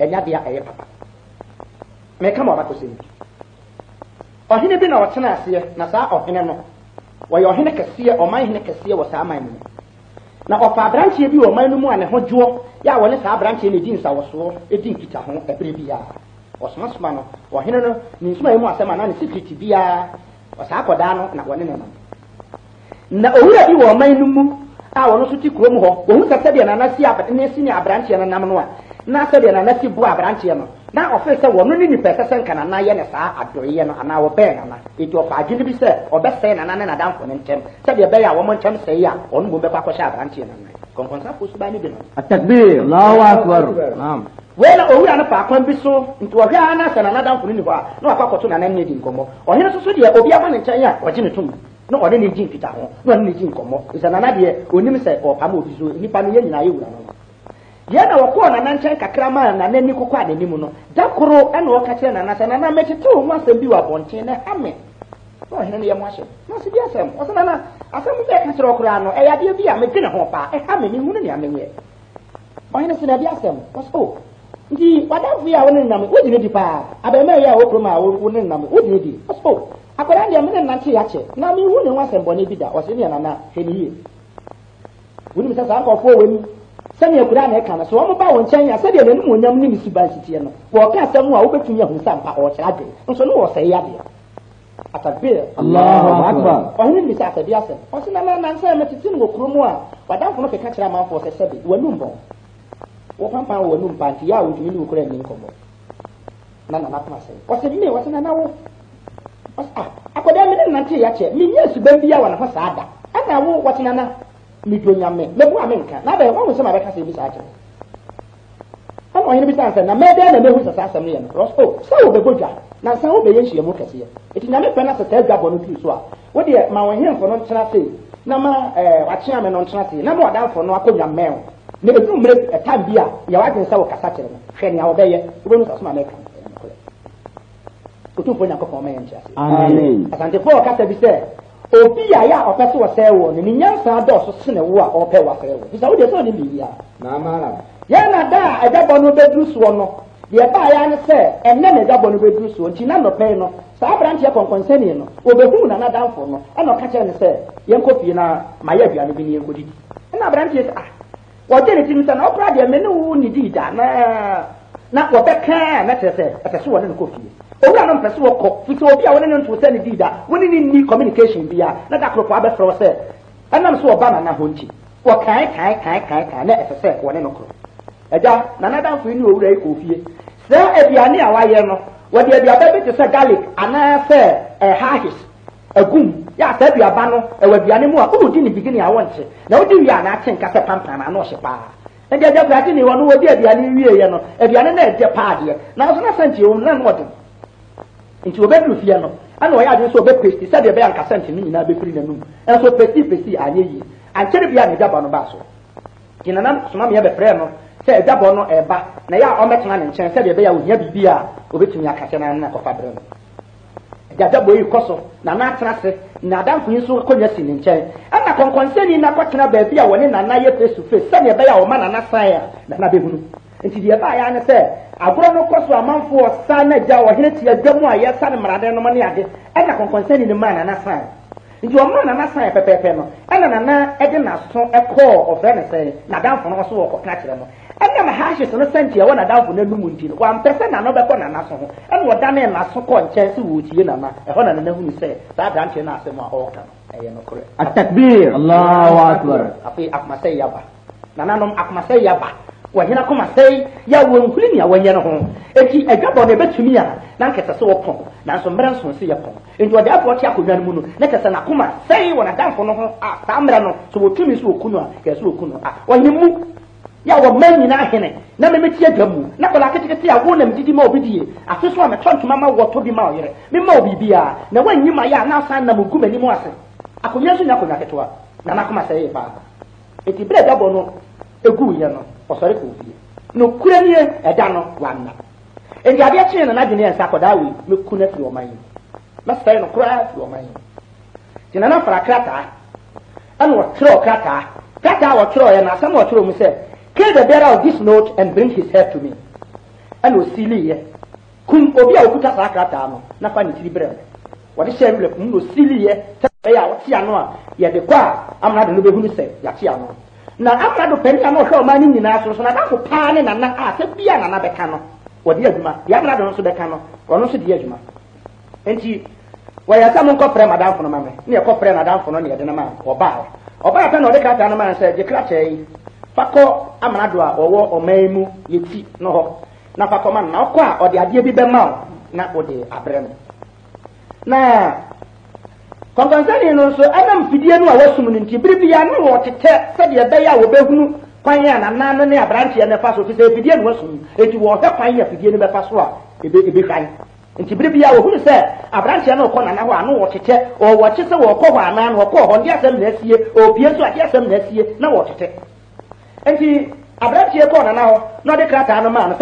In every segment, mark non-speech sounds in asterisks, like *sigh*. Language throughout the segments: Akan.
ɛnyadea ɛyɛ papa mɛka ma ɔbakɔ sɛm ɔhene bi na ọtena aseɛ na saa ɔhene no wɔyɛ ɔhene kɛseɛ ɔman hene kɛseɛ wɔ saa man mu na ɔfa aberanteɛ bi wɔ ɔman no mu a ne ho dwoɔ yɛ a wɔne saa aberanteɛ no ɛdi nsawosoɔ ɛdi nkita ho ɛberɛ biara ɔsomasoma no ɔhene no ne nsoma yi mu asɛm anaa ne secret biara ɔsaa kɔdaa no na wɔne ne nam na owura bi wɔ ɔman no mu a wɔno nso te kurom hɔ wɔhu sɛ sɛdeɛ nanasi ne si ne aberanteɛ no nam no a na sɛdeɛ nana si bu aberanteɛ no na ɔfee sɛ wɔn ne nipa ɛsɛ sɛ nka nana yɛ ne saa adɔeɛ no anaa wɔbɛn nana eti ɔfa agye no bi sɛ ɔbɛsɛn nana ne nadamfo ne ntɛm sɛdeɛ ɛbɛyɛ a wɔn nkyɛn sɛɛ a ɔno mu bɛkɔ akɔhyɛ aberanteɛ nana kɔnkɔnsafo so ba ne bi no. atakbir lawa akbar. wei na owura no paakwan bi so nti ɔhwɛ a na sɛ nana damfo no ni hɔ a na wakɔ akɔto nana ne di nkɔmmɔ ɔhene soso deɛ obi ama ne nkyɛn a ɔgye ne tom na ɔne ne di nkita ho na ɔne ne di nkɔmmɔ nsanana deɛ onim sɛ ɔpam obi so nipa no yɛ nyinaa yɛ wura no deɛ na wɔkɔɔ nana nkyɛn kakra maa nana a n'anim no da koro ɛna wɔka kyerɛ nana sɛ nana mɛtete wɔn ho asɛm bi wɔ na na ɔhene no yɛ ahyɛ na ɔsi bi asɛm ɔsɛ nana asɛm bi a ɛka kyerɛ ɛyɛ adeɛ bi a ho ne ne ɔhene na ɛde asɛm ɔsɛ o a wɔne paa abɛɛmɛ yi a a wɔne nam wodi ne di ɔsɛ o oh, akwadaa deɛ mene nante na ne ho asɛm sɛnea akura na ɛka na so wɔn ba wɔn nkyɛn yɛ sɛdeɛ n'anim nyam ne si teɛ no wɔka asɛm a wobɛtumi ahu sɛ mpa ɔkyerɛ adeɛ nso ne wɔsɛe adeɛ atabir ɔhene sɛ asabi asɛm na na nansa yɛ mɛtete no wɔ kurom a wadamfo no keka kyerɛ wɔ nti yɛ a wɔntumi ne wɔ kura na sɛ mito nyame mebu a menka na bɛyɛ wɔn sɛ ma bɛka sɛ ebi saa kyerɛ ɛna ɔyɛ bi sanfɛ na mɛɛbɛɛ na mehu sasa asɛm yɛ no rɔs oh, sɛ wo dwa na nsa wo bɛyɛ nhyiamu kɛseɛ eti nyame pɛ na sɛ taa dwa no tiri so a wo deɛ ma wɔn hɛnfo no ntena se na ma ɛɛ eh, wakyea me no ntena se na ma ɔdanfo no akɔ nyamɛɛ o na edu mmerɛ ɛtam bi a yɛ wadwen sɛ wo kasa kyerɛ no hwɛ nea wɔbɛyɛ wobɛnu sasoma mɛka otumfo nyankopɔn ɔmɛyɛ nkyɛ asante paul bi sɛ obi a ya a ɔpɛ so wɔ no ne nyansa dɔɔso sene wo a ɔpɛ wɔ fisa sɛ ɔne na da a ɛdabɔ no bɛduru soɔ no deɛ baa yɛ ne sɛ ɛnɛ na ɛdabɔ no bɛduru soɔ nti na nnɔpɛi no saa aberanteɛ kɔnkɔnsɛnii no ɔbɛhuu nanadamfo no ɛna ɔka kyerɛ ne sɛ yɛnkɔ fie na mayɛ aduane bi ne yɛnkɔdidi ɛna aberanteɛ sɛ ah wɔgye ne sɛ na ɔkora deɛ me ne wo da na na wɔbɛkaa mɛkyerɛ sɛ so no kɔ owura no mpɛ so wɔkɔ fiti obi a wɔne ne nto sɛ ne dii da wɔne ne ni communication bia na da korɔfo abɛfrɛ wɔ sɛ ɛnam so wɔba nana hɔ nti wɔkae kae kae kae kae na ɛsɛ sɛ wɔne no korɔ agya nana damfo yi ne owura yi kɔ fie sɛ aduane a wayɛ no wɔde aduaba bi te sɛ garlic anaasɛ ɛhahis agum yà sɛ aduaba no ɛwɔ aduane mu a wɔn di ni bigini a wɔn na wɔde wie a n'akye nka sɛ pampam ano ɔhyɛ paa ɛdi ɛdi akurade ne wɔn no wɔde aduane wie yɛ no aduane na ɛdɛ paa na sɛnti wɔn nan wɔde no nti obɛduru fie no ɛna ɔyɛ adwene sɛ ɔbɛpɛsi sɛdeɛ ɛbɛyɛ ankasa nti no nyinaa bɛfiri n'anum ɛnso pɛsi pɛsi anyɛ yie ankyɛre bi a ne dwabɔ no baa so yinana somameɛ bɛfrɛ no sɛ ɛdwabɔ no ɛba na yɛ a ɔmɛtena ne nkyɛn sɛdeɛ ɛbɛyɛ a ohia biribi a obɛtumi akasa no na kɔfa berɛ no gyadabɔ yi kɔ so na n'atena ase na adanfo yi nso akonnwa si ne nkyɛn ɛna na n'akɔtena baabi a wɔne nana yɛ face to sɛdeɛ ɛbɛyɛ a ɔma nti deɛ ɛbaa yɛ ano sɛ agorɔ no kɔ so amanfoɔ sa na gya ɔhene tia gya mu a yɛsa ne mmaradan nom ne ade ɛna kɔnkɔnsɛni ne maa nana san nti ɔmaa nana san pɛpɛɛpɛ no ɛna nana ɛde n'aso ɛkɔɔ ɔfrɛ ne sɛ n'adanfo no so wɔ kɔka kyerɛ no ɛnam haahyehyɛ no sɛnti ɛwɔ n'adanfo no anum nti no wampɛ sɛ nana bɛkɔ nana so ho ɛna ɔdanee n'aso kɔ nkyɛn sɛ wɔretie nana ɛhɔ na nana hunu sɛ saa aberanteɛ no asɛm a ɔreka no ɛyɛ nokorɛ atakbir allahu akbar afei akomasɛ yaba nananom akomasɛ yaba wɔhena kɔma sɛe yɛ wɔnhuri nea wɔnyɛ no ho enti adwabɔ no ɛbɛtumi a na nkɛsɛ sɛ wɔpɔn nanso mmerɛ nso se yɛpɔn enti wɔde aboɔ te akonnwa no mu no na kɛsɛ n'akoma sɛe wɔ n'adamfo no ho a saa mmerɛ no sɛ wɔtumi so wɔku no a yɛsɛ wɔku no a ɔhene mu yà wọ mmaa nyinaa hene na mmemme tie dwa mu na kọla ketekete a wọn nam didi ma obi die asoso a mẹtọ ntoma ma wọtọ bi ma ọyẹrẹ mi ma obi bi na wọn nyi ma yà a n'asan nam ogu m'anim ase akonnwa nso nya akonnwa ketewa na n'akoma sɛ yɛ paa eti bere dabɔ no egu yɛ no ɔsɔre kɔ obie na okura nie ɛda no wanna nti adeɛ kyerɛ na n'adwene yɛn nsa akɔdaa wei meku no afiri ɔman yi mɛsɛe no koraa afiri ɔman yi nti nana fara krataa ɛna wɔtwerɛw krataa krataa wɔtwerɛw yɛ na asɛm wɔtwerɛw mu sɛ kill the bearer of this note and bring his head to me ɛna osiliiɛ kun obi a okuta saa krataa no nafa ne tiri brɛ wɔde hyɛ envelope mu na osiliiɛ sɛ ɛyɛ a wɔte ano a yɛde kɔ a amuna de no bɛhunu sɛ yɛate ano na amrado panyin a na ɔhwɛ ɔman no nyinaa so so na adafo paa ne nana a sɛ bia nana bɛka no wɔde adwuma deɛ amrado no nso bɛka no ɔno nso de adwuma nti wɔyɛ sɛ mo nkɔfrɛ madamfo no ma me ne yɛkɔfrɛ nadamfo no ne yɛde no ma ɔbaa ɔbaa pɛ na ɔde krataa no ma no sɛ gye krataa yi fa kɔ amrado a ɔwɔ ɔman mu yɛti no hɔ na fa kɔma no na ɔkɔ a ɔde adeɛ bi bɛma wo na wode abrɛ no na kɔnkɔnsɛnni no nso ɛnam fidie no a wɔsum no nti biribi ya ne wɔtetɛ sɛdeɛ ɛbɛyɛ a wɔbɛhunu kwan yɛ nana no ne aberanteɛ no ɛfa so te sɛ fidie no wɔsum eti wɔhwɛ kwan yɛ fidie no bɛfa so a ebe ebe nti biribi a wɔhunu sɛ aberanteɛ no ɔkɔ nana hɔ ano wɔtetɛ sɛ wɔkɔ hɔ anan no ɔkɔ hɔ asɛm na esie opie nso ade asɛm na esie na wɔtetɛ nti aberanteɛ kɔ nana hɔ na ɔde krataa no maa no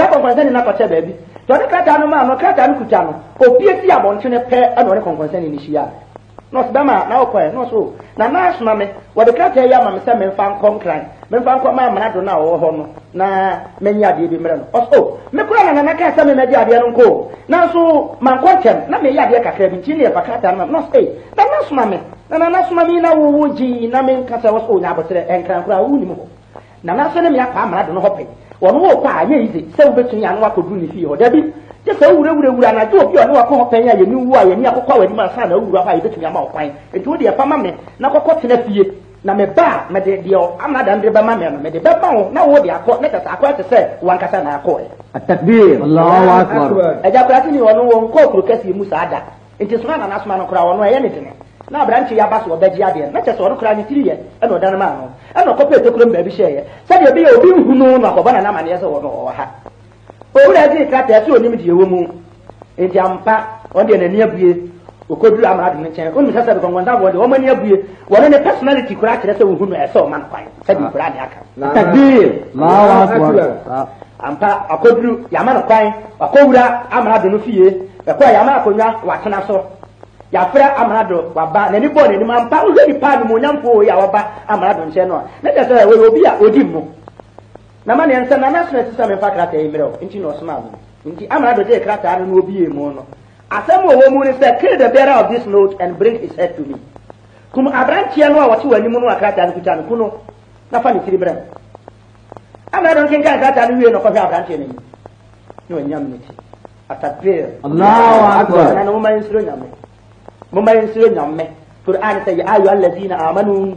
nurse bɛma na ɔkɔɛ nurse o na nurse ma mi wɔde krataa yi ama mi sɛ mɛnfa nkɔ nkran mɛnfa nkɔ maa mana do na ɔwɔ hɔ no na mɛnyi adeɛ bi mmerɛ no ɔsɔ o oh, na nana kaa sɛ mɛ mɛgye adeɛ no nko nanso mankɔ kyɛm na mɛyɛ adeɛ kakra bi nti ne yɛfa krataa no ma ee eh. na nurse ma mi na na nurse mi na wowo gyi na mɛ nkasa wɔsɔ o oh, nya abotire nkran koraa wo nim hɔ na nurse ne mi akɔ amana do no hɔ pɛ wɔn wɔ kɔ a yɛ yi de sɛ wobɛtumi ano akɔdu ne fie hɔ dabi gye sɛ wowura wura wura anadwo obi a ɔne wakɔ hɔ pɛn a yɛni wu a yɛni akɔkɔ a wɔde ma asa na awura hɔ a yɛbɛtumi ama wo kwan nti wo deɛ pama me na kɔkɔ tena na me ba me de deɛ amana dan de bɛma oh, me no me de bɛma wo na wo de akɔ ne tata akɔ te sɛ wankasa na akɔ ɛ. atakbir alahu akbar. ɛgya kura ti ni ɔno wɔn nkɔ okuro kɛseɛ mu saa da nti soma na nasoma no kora ɔno ɛyɛ ne dene na aberante yi aba so ɔbɛgye adeɛ na kyɛ sɛ ɔno kora ne tiri yɛ ɛna ɔdan maa no ɛna ɔkɔpɛ etokuro mu baabi hyɛ yɛ sɛdeɛ bi yɛ obi nhunu no akɔba na namaneɛ sɛ ɔno ɔwɔ ha owurɛ di krataa ɛsɛ onim deɛ ɛwɔ mu nti ampa ɔde n'ani abue okoduru amara de ne nkyɛn onum sɛ sɛbi kɔnkɔnta bɔ de wɔn ani abue wɔn ne personality kura kyerɛ sɛ ohun no ɛsɛ ɔman kwan sɛbi kura ne aka nta bii ampa akoduru yama no kwan akowura amara de no fie ɛkɔ yama akonnwa watena so yàfrɛ amado waba n'ani bɔ n'anim ampa ɔhwɛ nipa animonyamfo yà waba amado nkyɛn no a ne kyerɛ sɛ obi a odi mu na ma neɛ nsɛm na na sena sisa memfa krataa yi mmerɛ o nti na ɔsoma no nti amana bɛgyee krataa no na ɔbie mu no asɛm ɔwɔ mu ne sɛ kill the bearer of this note and bring his head to me kum aberanteɛ no a wɔte w'anim no a krataa no kuta no ku no na fa ne tiri brɛ me amana dɔ nkenkan krataa no wie na ɔkɔhwɛ aberanteɛ no anim na ɔnyam ne ti atakbir allahu akbar na moma yɛnsuro nyame moma yɛnsuro nyame qur'an sɛ ya ayu allazina amanu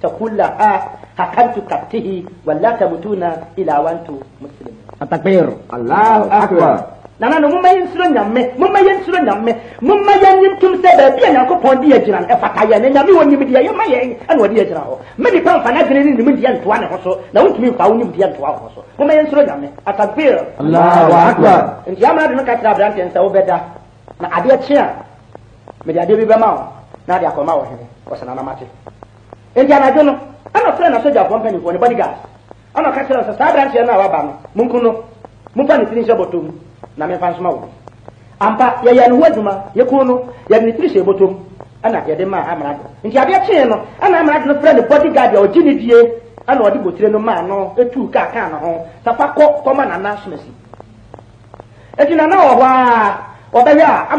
taqullaha hakamtu kaptihi wala tamutuna ila wantu muslimin atakbir allahu akbar nana no mumma yin suro nyame mumma yin suro nyame mumma yan yin tum sɛ baabi a nyankopɔn de agyina no e ɛfata yɛ ne nyame wɔ nimdeɛ yɛma yɛn ɛna ɔde agyina hɔ me nipa mfa n'adwene ne nimdeɛ ntoa ne ho so na wontumi mfa wo nimdeɛ ntoa ho so mumma yin nyame atakbir allahu akbar nti amana de no ka kyerɛ aberanteɛ sɛ wobɛda na adeɛ kye a mede adeɛ bi bɛma wo na ade akɔma wɔ hene ɔsɛ nanamate nti anadwo no ana frɛ na sogya foɔ mpanyimfoɔ ne bodyguard ana ɔka kyerɛ saa aberanteɛ no a waba no monku no momfa ne tiri nhyɛ bɔtɔ mu na memfa nsoma wo ampa adwuma no tiri bɔtɔ mu ɛna maa nti no ɛna no a ɔgye ne die ɛna ɔde no maa no etu kaa kaa ho safa kɔ kɔma nana eti nana wɔ hɔ a a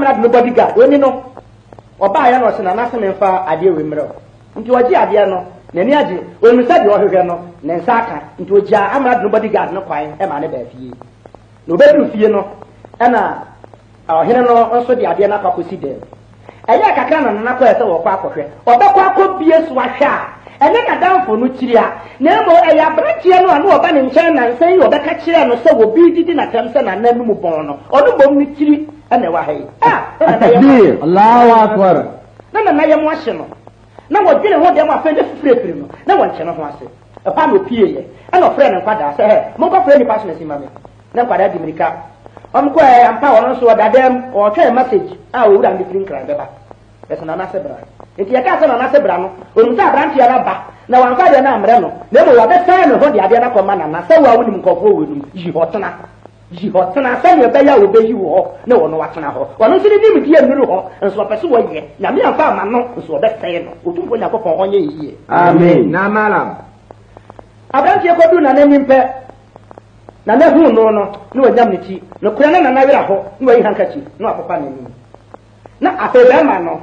no na ɔsi n'ani agye onu sɛ deɛ ɔhwehwɛ no ne nsa aka nti ogya amara de no bodyguard no kwan e ma ne baa fie na obɛduru fie no ɛna e ɔhene no nso de adeɛ no akɔsi dɛm ɛyɛ kakra na nana kɔɛ sɛ wɔkɔ akɔhwɛ ɔbɛkɔ bie so ahwɛ a ɛne e nadamfo no kyiri a na mmom ɛyɛ aberanteɛ no a na ɔba ne nkyɛn na nsa yi ɔbɛka kyerɛ no sɛ nana mu bɔn no ɔno a ɛna na wɔdwene ho deɛ mu afei de fifirefiri no na wɔnkyɛ no ho ase ɛhɔ ama opie yɛ ɛna ɔfrɛ ne nkwadaa sɛ hɛ monkɔfrɛ nipa so na si ma me na nkwadaa di mirika ɔmkɔ ɛ ampa wɔno nso ɔda dɛm ɔtwɛn message a owura ne firi nkran bɛba ɛsɛ nana sɛ bra nti yɛka sɛ nana sɛ bra no ɔnim sɛ aberanteɛ no ba na wankwadeɛ no ammerɛ no na mmom wabɛsɛn ne ho de adeɛ no akɔma nana sɛ wo a wonim nkɔfoɔ wɔ nom yi hɔ yi hɔ tena sɛdeɛ bɛyɛ a wɔbɛyi wɔ hɔ na wɔn wa tena hɔ wɔn nso ne nim die mmiri hɔ nso ɔpɛ so wɔyɛ nyame afa ama no nso ɔbɛsɛn no otumfo nyankopɔn ɔnyɛ yie. amen na malam. aberanteɛ kɔdu n'ananim pɛ na ne hun no no na wɔnyam ne ti na kura ne nana wera hɔ na wɔyi hankakyi na wɔapopa n'anim na afei bɛrima no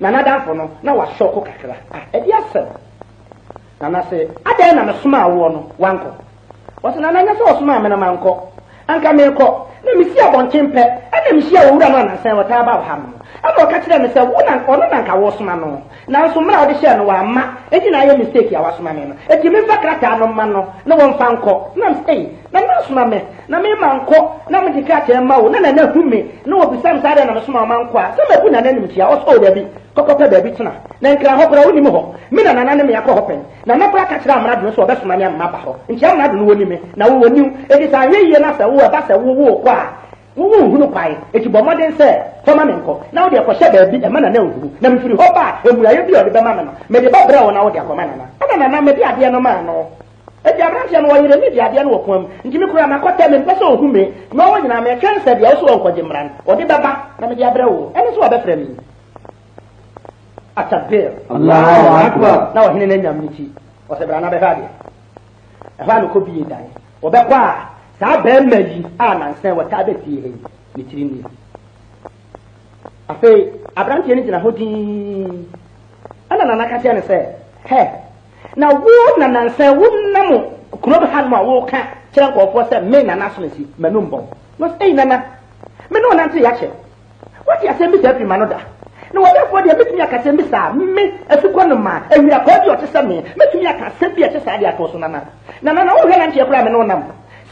na n'adanfo no na wɔahyɛ ɔko kakra ɛdi asɛm nana sɛ adan na mesoma awoɔ no wankɔ wɔsɛ nana nyɛ sɛ ɔsoma amena ma nkɔ anka mekɔ na mesi abɔnkye mpɛ ɛna mehyia wɔ wura no anansa wɔtaa ba wɔ ha no ɛna ɔka kyerɛ no sɛ wo na ɔno na nka wɔsoma no nanso mmerɛ a hyɛɛ no wɔama ɛgyi na ayɛ mistake a wasoma me no ɛti memfa krataa no ma no na wɔmfa nkɔ na msɛi na mɛsoma me na mema nkɔ na mede krataa ma wo na nana hu me na wɔbisa m saa dɛ na mesoma ɔma nkɔ a sɛ mabu nana anim tia ɔsɔo daabi kɔkɔpɛ baabi tena na nkra hɔ koraa wonim hɔ me na nana ne meyakɔ hɔ pɛn na na koraa ka kyerɛ amrado no sɛ ɔbɛsoma me amma ba hɔ nti amrado no wɔ ni me na wowɔ niw ɛti sɛ anyɛ yie no sɛ wo ɛba sɛ wowoo kɔ a nwa nhunu kwae ekyibɔ ọmọdé sɛ fɔma e, mi nkɔ na wode ɛkɔhyɛ baabi ɛma nana nhunu na mfiri hɔ ba emuraeɛ bi a ɔde bɛma me no ba brɛ wo na wode akɔma nana ɛna nana m adeɛ no maa no ɛdi aberanteɛ no wɔyere ne de no wɔ mu nti mi kura mi mpɛ sɛ ohu mi na ɔwɔ nyinaa mɛ twɛn sɛ deɛ ɔso wɔ nkɔgye ɔde bɛba na mede abrɛ wo ɛne so ɔbɛfrɛ mi atabir na ɔhene no anyam ne ti ɔsɛ na bɛhwɛ adeɛ a bie dan a saa bɛrima yi a nansa wɔtaa bɛsie ha yi ne tiri nie afei aberanteɛ no gyina hɔ dinn ɛna nana ka kyerɛ no sɛ hɛ na wo na nansa wonam kuro bi hanom a woka kyerɛ nkɔɔfoɔ sɛ me nana so no si m'anom bɔn no sɛ ei nana me ne wɔnante yɛakyɛ wote asɛm bi saa firi no da na wɔdɛfoɔ deɛ mɛtumi aka sɛm bi saa me asukɔ no ma awira kɔɔ bi ɔte sɛ me mɛtumi aka sɛ bi ɛkyɛ saa deɛ atɔ so nana na nana wohwɛ nanteɛ koraa me ne wonam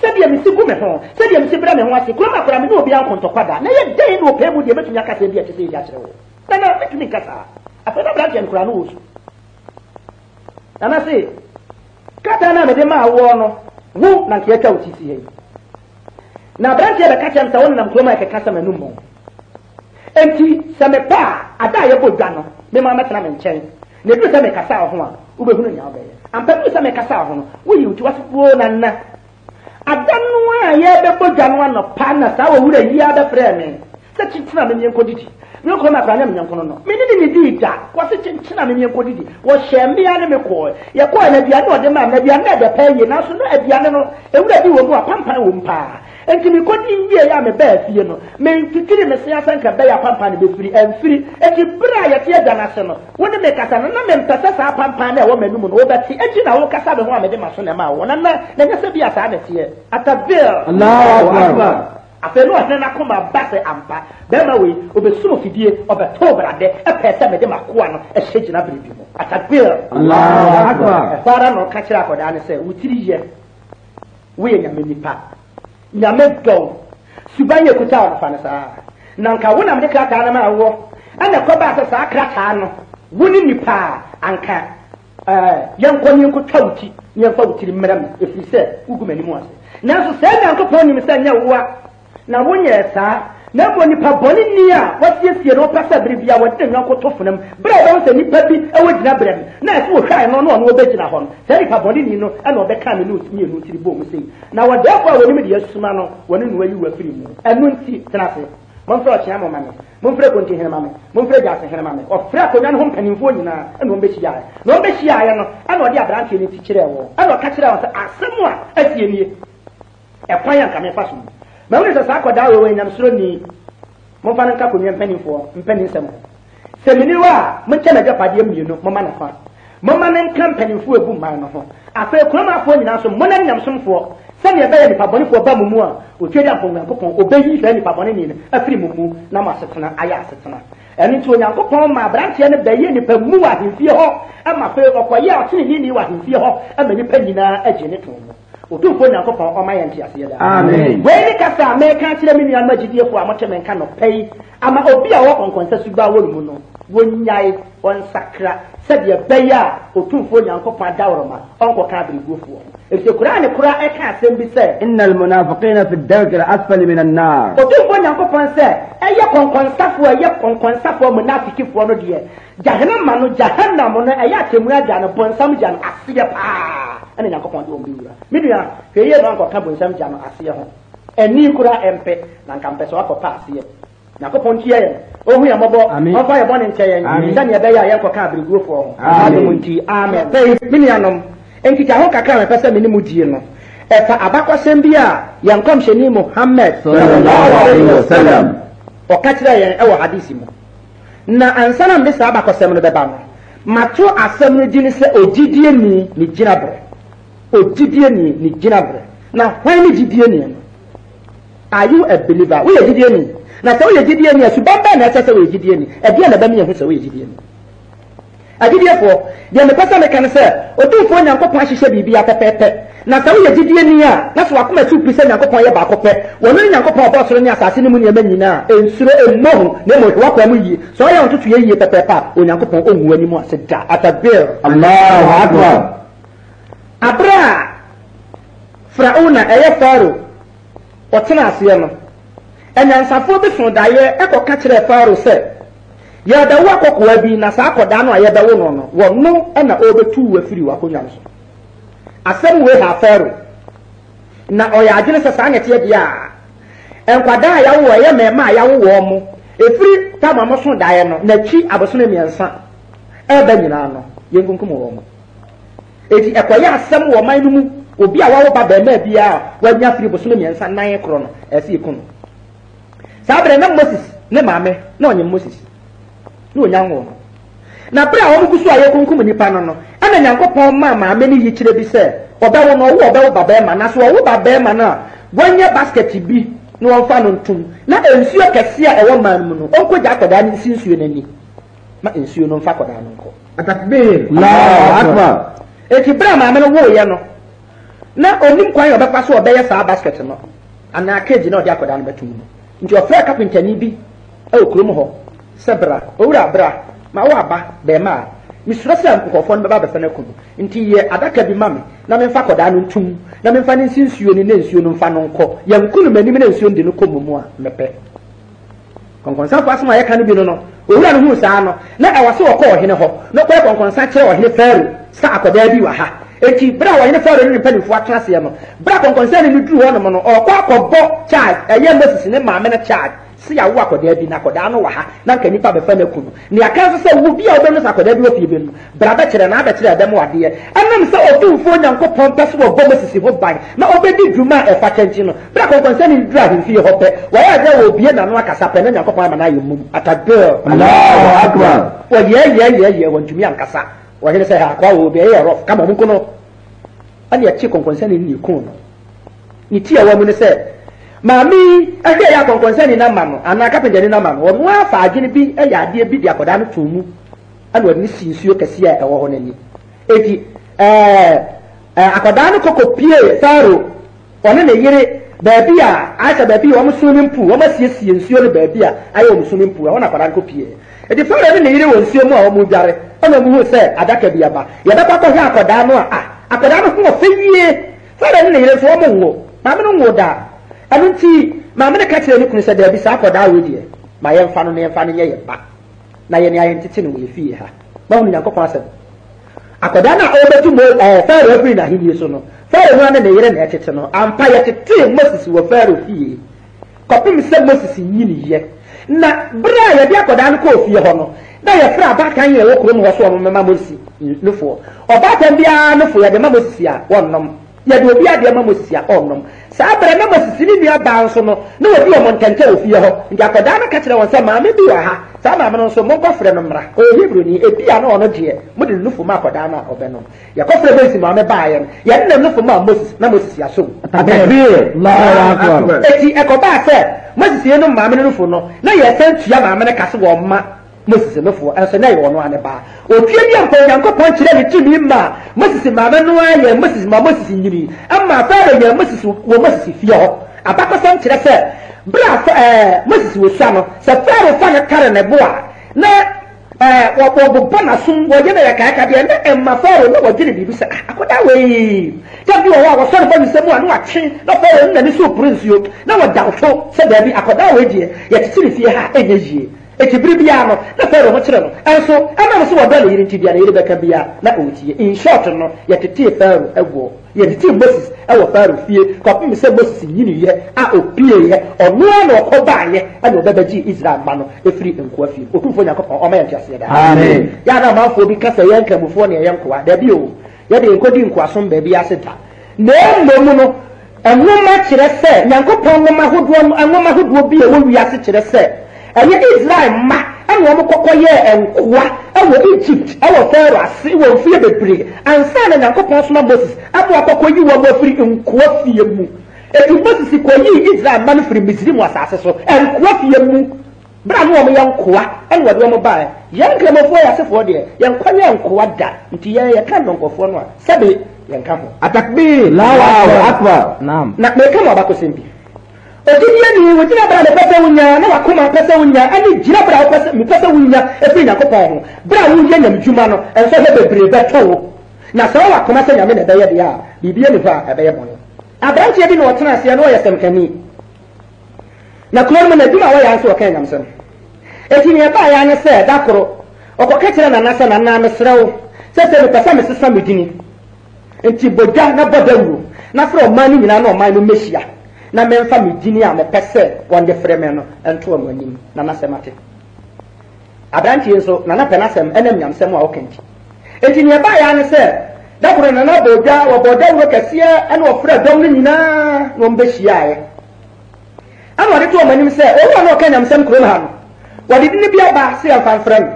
sɛdeɛ mesi gu me ho sɛdeɛ mesi brɛ me ho ase kurom akora me ne obi ankɔntɔkwa da na yɛ dɛn na ɔpɛ mu deɛ mɛtumi aka sɛm bi ɛte sɛ yɛdi akyerɛ wo nana mɛtumi nka saa afei na branteɛ nkora no wɔ su nana se krataa no a mede maa woɔ no wo na nkeɛ twa wo ti si yɛ na branteɛ bɛka kyɛm sɛ wonenam kurom a ɛkɛka sɛ m'anum mɔ enti sɛ mepɛ a ada a yɛbɔ dwa no mema mɛtena me nkyɛn na ɛduru sɛ mekasa wo ho a wobɛhunu nea wobɛyɛ ampɛ duru ada no a yɛbɛbɔ gya no anɔpa na saa wɔwura yi abɛfrɛ me sɛ kyekyena me nyɛnkɔdidi ne kɔ ma kora ne mnyɛ no mene ni ne dii e da wɔse kyenkyena ni meɛnkɔ didi wɔhyɛ mmea ne me kɔɔ yɛkɔɔ naduane ɔde ma naduane na ɛdɛpɛ yie nanso na aduane no ɛwura bi wɔ mu a pampan wɔ mu paa nti mekɔdi yie yɛ a mebɛɛ fie no mentitiri me se asɛ nka bɛyɛ apampan no bɛfiri ɛmfiri nti berɛ a yɛte agya no no wo ne mekasa no na mempɛ sɛ saa apampan no ɛwɔ m'anim no wobɛte ɛgyi na wokasa me ho a mede ma so ne ma wo na na ɛnyɛ sɛ bi a saa ne teɛ atabil afei ne ɔhene n'ako ba sɛ ampa bɛrima wei obesom fidie ɔbɛtoo brade ɛpɛ sɛ mede m'akoa no ɛhyɛ gyina biribi mu atakbir ɛhɔ ara na ɔka kyerɛ akɔdaa no sɛ wo tiri yɛ woyɛ nyame nipa nyame dɔw suban yɛ kuta ɔnofa no saa na nka wonam de krataa no ma wɔ ɛna ɛkɔbaa sɛ saa krataa no wo ne nipa a anka yɛnkɔ ne yɛnkɔtwa wo ti ne yɛmfa wo tiri mmerɛ me ɛfiri sɛ wogu m'anim ase nanso sɛ nyankopɔn nim sɛ nyɛ woa na wonyɛ saa na mmom nipa bɔne ni a wɔsiesie no wopɛ sɛ bere bia wɔde ne nwa koto fonam berɛ a ɛbɛwo e sɛ nnipa bi ɛwɔ e gyina berɛ m na ɛsɛ wɔhwɛe no na ɔno wɔbɛgyina hɔ no saa nipa bɔne ni no ɛna ɔbɛka me ne ɔtumi tiri bɔ mu sei na wɔdɛɛfo a wɔnim deɛ asuma no wɔne noa yi wafiri mu ɛno nti tena ase mɔmfrɛ ɔkyea mo ma me mɔmfrɛ konti hene ma me mɔmfrɛ gyase hene ma me ɔfrɛ akonnwa no ho mpanimfoɔ nyinaa ɛna ɔmbɛhyiaeɛ na ɔmbɛhyiaeɛ no ɛna ɔde aberanteɛ no ti kyerɛɛ wɔ ɛna ɔka kyerɛɛ wɔ sɛ asɛm a asie nie ɛkwan a nka mefa so mu ma wuli sɛ saa akɔdaa wɔ ni momfa no nka kɔnua mpanimfoɔ mpaninsɛm sɛ mene wɔ a monkyɛ no agyapadeɛ mmienu na fa fa momma no nka mpanimfoɔ abu mmaa no ho afei kuromaafoɔ nyinaa so mona ne nyamsomfoɔ sɛnea ɛbɛyɛ nipabɔnefoɔ ba mo mu a otwa di apɔ onyankopɔn ɔbɛyi saa nipabɔne ne no afiri mo mu na mo asetena ayɛ asetena ɛno nti onyankopɔn ma aberanteɛ no bɛyɛ nipa mu wɔ ahemfie hɔ ama afei ɔkɔyɛ ɔtene ne ne wɔ ahemfie hɔ ama nnipa nyinaa agye ne to mu otumfo nyankopɔn ɔma yɛ nteaseɛ daa wei ne kasa a mɛka kyerɛ me nuanom agyidiefoɔ a mɔte menka nɔpɛ yi ama obi a ɔwɔ su baa wɔ mu no wɔnyae ɔnsakra sɛdeɛ bɛyɛ a otumfo nyankopɔn adaworoma ɔnkɔka abiriguofoɔ ɛfisɛ koraa ne koraa ɛka asɛm bi sɛ inna almunafiqina fi darki alasfali min annar otumfo nyankopɔn sɛ ɛyɛ kɔnkɔnsafoɔ ɛyɛ kɔnkɔnsafoɔ munafikifoɔ no deɛ jahannama no jahannam no ɛyɛ atemmua gya bɔnsam gya aseɛ paa ɛna nyankopɔn de ɔmri wura me nua hwɛ yie na ɔnkɔka bonsam gya no aseɛ ho ɛni kura ɛmpɛ na nka mpɛ sɛ wakɔpa aseɛ nyankopɔn tie yɛn ohu yɛn mmɔbɔ ɔmfa yɛ bɔne nkyɛ yɛn sɛneɛ ɛbɛyɛ a yɛnkɔka abereguofoɔ ho adom nti amen pɛi me nuanom nkitaho kakra mepɛ sɛ me mu die no ɛfa abakɔsɛm bi a yɛn kɔmhyɛni mohammed ɔka kyerɛ yɛn ɛwɔ hadisi mu na ansa na saa abakɔsɛm no bɛba no mato asɛm no gyi ne sɛ ogyidie ni ne gyina borɔ odidie ni ne gyina berɛ na hwan ne gyidie ni no are you a believer woyɛ gyidie ni na sɛ woyɛ gyidie ni asuban bɛɛ na ɛsɛ sɛ woyɛ gyidie ni ɛdeɛ na ɛbɛmi yɛn ho sɛ woyɛ gyidie ni agyidiefoɔ deɛ mepɛ sɛ meka no sɛ ɔtumfoɔ nyankopɔn ahyehyɛ biribia pɛpɛɛpɛ na sɛ woyɛ gyidie ni a na sɛ wakoma tu piri sɛ nyankopɔn yɛ baako pɛ wɔno ne nyankopɔn ɔbɔ soro ne asase ni mu nneɛma nyinaa ɛnsuro ɛmmɔ ho na mmɔ wakɔa mu yie sɛ ɔyɛ ntotoyɛ yie pɛpɛɛpɛ a onyankopɔn ɔngu anim ase da atabir allahu akbar abere a na ɛyɛ faro ɔtena aseɛ no anyansafoɔ bi so daeɛ ɛkɔka kyerɛɛ faro sɛ yɛbɛwo akɔkoa bi na saa akɔdaa no a yɛbɛwo no no wɔno ɛna ɔrebɛtu wafiri w'akonnwa no so asɛm wei ha faro na ɔyɛ adwene sɛ saa nyɛteɛ deɛ a nkwadaa a yɛawo ɛyɛ mmarima a yɛawo wɔn mo ɛfiri tamamo so daeɛ no n'akyi abosono mmiɛnsa ɛreba nyinaa no yɛnkunkum wɔn mo eti ɛkɔyɛ asɛm wɔ man no mu obi a wawo ba bɛrima bi a wanya firi mmiɛnsa nan korɔ no ɛsi kun no saa na moses ne maame na ɔnye moses na onya ŋɔ na bere a wɔn gu so a yɛkunkum nipa no no ɛna nyankopɔn maa maame yi kyerɛ bi sɛ ɔbɛwo no ɔbɛwo ba bɛrima na so ɔwo ba bɛrima no bi na wɔnfa no ntum na nsuo kɛseɛ a ɛwɔ maa no mu no ɔnkɔgya eti bere a maame no wɔɔyɛ no na onim kwan yɛ ɔbɛkpa so ɔbɛyɛ saa basket no anaa keegi na ɔde akɔda no bɛtum no nti ɔfrɛ kapintani bi ɛwɔ e kurom hɔ sɛ bra owura bra ma wɔ aba bɛrima a mesrɛ sɛ nkɔfoɔ no bɛba abɛfɛ no ako nti yɛ adaka bi ma me na memfa akɔdaa no ntum na memfa ne nsi nsuo no na nsuo no mfa no nkɔ yɛnku no m'anim na nsuo no de no kɔ mu mu a mepɛ kɔnkɔnsa fo asoma yɛka no bi no no owura no hu saa no na ɛwɔ sɛ wɔkɔ ɔhene hɔ na ɔkɔyɛ kɔnkɔnsa kyerɛ ɔhene fɛro sɛ akɔdaa bi wɔ ha eti bere a wɔhene fɛro ne ne mpanimfoɔ ato aseɛ no bere a kɔnkɔnsa ne no duru hɔnom no ɔkɔ akɔbɔ charge ɛyɛ moses ne maame no charge sɛ yɛ awo akɔdaa bi na akɔdaa no wɔ ha na nka nipa bɛfa no aku no nea ka nso sɛ wo bi a wobɛno sɛ akɔdaa bi bi no bra bɛkyerɛ na abɛkyerɛ ɛdɛm wadeɛ ɛnam sɛ ɔtumfoɔ nyankopɔn pɛ so wɔbɔ mo sisi ho ban na ɔbɛdi dwuma a ɛfa kyɛnkyen no berɛ kɔnkɔnsɛ ne duru ahemfie hɔ pɛ wɔyɛ adeɛ wɔ bie nano akasa pɛ na nyankopɔn ama no ayɛ mum atadɔɔ wɔyɛyɛyɛyɛ wɔntumi ankasa wɔhene sɛ akoa wɔ bi ɛyɛ rɔf kama ɔmo nko no ɛne ɛkye kɔnkɔnsɛ ne ne kun ti a wɔ mu ne sɛ maame ɛdeɛ yɛ akɔnkɔnsɛni n'ama no anaa kapɛntɛni n'ama no wɔn afa adwene bi ɛyɛ adeɛ bi di akɔdaa no tɔn mu ɛna wɔn ani si nsuo kɛseɛ a ɛwɔ hɔ n'ani eti ɛɛ ɛɛ akɔdaa no kɔkɔ pie faaro ɔne ne yere baabi a ayɛsɛ baabi a wɔn swimming pool wɔn asiesie nsuo no baabi a ayɛ wɔn swimming pool a wɔn akɔdaa no kɔ pie eti faaro ne ne yere wɔ nsuo mu a wɔn dware ɛna wɔn hu sɛ adaka bi aba yɛbɛkɔ akɔhwɛ ɛno nti maame ne ka kyerɛ ne kunu sɛ daabi saa akɔdaa wei deɛ ma yɛmfa no na yɛmfa no nyɛ yɛ ba na yɛne ayɛntete no wɔ yɛfie ha mahu no nyankopɔn asɛm akɔdaa no a ɔbɛtu mo fɛɛrɛ afiri n'ahenni so no fɛɛrɛ no ne ne yere na ɛtete no ampa yɛtetee moses wɔ fɛɛrɛ fie kɔpem sɛ moses nyi ne yɛ na berɛ a yɛde akɔdaa no kɔɔ fie hɔ no na yɛfrɛ abaatan yɛ wɔ kurom hɔ so ɔmo mɛma mosi nofoɔ ɔbaatan biara nofoɔ yɛde ma mosi a wɔnnom yɛde obi adeɛ ma mosi a ɔnnom saa bere na masisi ne nua baa nso no na wadi wɔn ntɛntɛn ofie hɔ nti akwadaa no ka kyerɛ wɔn sɛ maame bi wɔ ha saa maame no nso mobɔfrɛ no mmra ɔyɛ hebroni ebi a na ɔno deɛ mode no nufo mu akwadaa no a ɔbɛ no yɛkɔfrɛ bɛsi maame baayɛ no yɛne nam nufo mu a moses na moses asom eti ɛkɔbaa sɛ moses yɛ no maame no nufo no na yɛsɛn tua maame no kase wɔ mma moses mefo ɛnso na ɛyɛ ɔno ane baa otua bi akɔ onyankopɔn kyerɛ ne tumi ma moses maame no ara moses ma moses nyini ɛma fɛrɛ yɛ moses wɔ moses fie hɔ abakɔsɛm kyerɛ sɛ bere a ɛɛ moses wɔ sua no sɛ fɛrɛ fa ne kare ne bo a na ɛɛ wɔbobɔ n'asom wɔyɛ no yɛ kaaka deɛ na ɛma fɛrɛ na wɔdwene biribi sɛ akɔda wei dɛbi wɔ hɔ a wɔsɔre bɔ nsɛm a na wɔakye na fɛrɛ na ne so opore nsuo na wɔda so sɛ daabi akɔda wei deɛ yɛtete eti biri biara no na fɛrɛ ho kyerɛ no ɛnso ɛnam so wɔdɔ ne yere nti biara yere bɛka biara na ɔretie in short no yɛtetee fɛrɛ ɛwɔ yɛtetee moses ɛwɔ fɛrɛ fie kɔpem sɛ moses nyini yɛ a opie yɛ ɔnoa na ɔkɔ baayɛ ɛna ɔbɛbɛgye israel ma no efiri nkoa fie otumfoɔ nyankopɔn ɔma yɛn ntiaseɛ daa amen yɛn a amanfoɔ bi kasa yɛn nkramofoɔ ne yɛn nkoa dɛbi o yɛde nkodi nkoasom baabi ase ta na emom no ɛnwoma kyerɛ sɛ nyankopɔn nwoma ahodoɔ nwoma ahodoɔ bi a ɛwɔ wiase kyerɛ sɛ ẹ̀yẹ israel mma ɛna wɔn kɔkɔ yɛ nkoa ɛwɔ egypt ɛwɔ fɛrɛ ase wɔ fie bebree ansa na nyankopɔn soma moses ɛna wakɔkɔ yi wɔn afiri nkoa fie mu etu moses kɔyii israel mma no firi misiri mu asase so nkoa fie mu bra mu wɔn yɛ nkoa ɛna wɔde wɔn baa yɛn nkramofoɔ yɛ asefoɔ deɛ yɛn kɔ yɛ nkoa da nti yɛn yɛ ka nnɔnkɔfoɔ no a sɛbe yɛn ka ho. atakbi lawa akwa na mɛ kama ɔbako sɛn bi. odidiɛ ni wogyina bra ne pɛsɛ wo na wakoma pɛsɛ wo nya ɛne gyina bra wopɛsɛ mepɛsɛ wo nya ɛfiri nyankopɔn ho bra woyɛ nyamedwuma no ɛnsɛ sɛ bebree bɛtɔ wo na sɛ wowɔ akoma sɛ nyame ne ɛbɛyɛ deɛ a biribia ne hɔ a ɛbɛyɛ bɔne aberanteɛ bi na ɔtena aseɛ na ɔyɛ sɛmkani na kuro no mu n'adwuma a wɔyɛ nso wɔka nyamsɛm ɛti neɛ baa yɛ ne sɛ da koro ɔkɔka kyerɛ nana sɛ nana mesrɛ wo sɛ sɛ mepɛ mesesa medini nti bogya na bɔ dawuro na frɛ ɔman no nyinaa na ɔman no mmɛhyia na memfa me din a mepɛ sɛ wɔnde frɛ me no nto ɔmo anim na n'asɛm ate aberanteɛ nso nana pɛ n'asɛm ɛnam nyamsɛm a ɔka nti eti nea ɛbaeɛ ne sɛ dakoro nana bɔdwa wɔbɔ dawuro kɛseɛ ɛna wɔfrɛ dɔm no nyinaa na wɔn bɛhyiaeɛ ɛna wɔde to ɔmo anim sɛ owurɔ na ɔka nyamsɛm kurom ha no wɔde din bi aba se ɛmfanfrɛ no